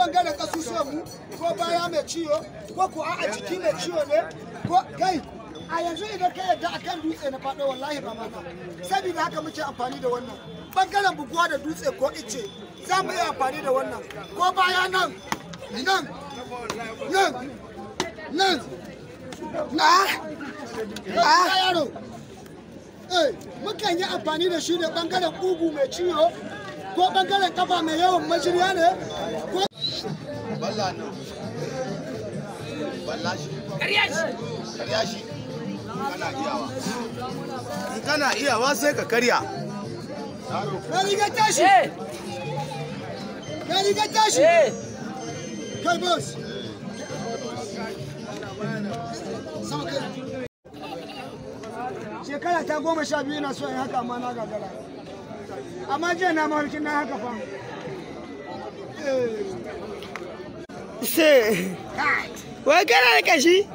bangaren kasusuwan mu ko baya mai ciwo ko ko a jiki mai ciwo ne ko kai a yanzu idan ka yarda akan dutse na faɗo wallahi ba mana saboda haka muke amfani da wannan bangaren buguwa da dutse ko ice za mu yi amfani da wannan ko baya nan nan nan nan na a yaro eh, mukan yi amfani da shi ne bangaren ƙugu mai ciwo ko bangaren kafa mai yawan majiriya ne balla shi ƙarya shi ƙarya iyawa in kana iyawa sai ka karya na riga tashi na riga tashi kai boss shekara ta goma sha biyu na so in haka amma na gagara amma jiya na mawarkin na haka fa sai wai kana da kashi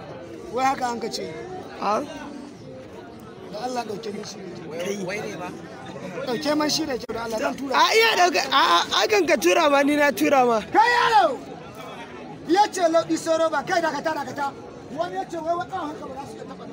wai haka an da Allah shi wai ne ba man shi da da Allah tura a iya a a kan ka tura ma ni na tura ma kai yaro ya ce soro ba kai wani ya ce wai ba za su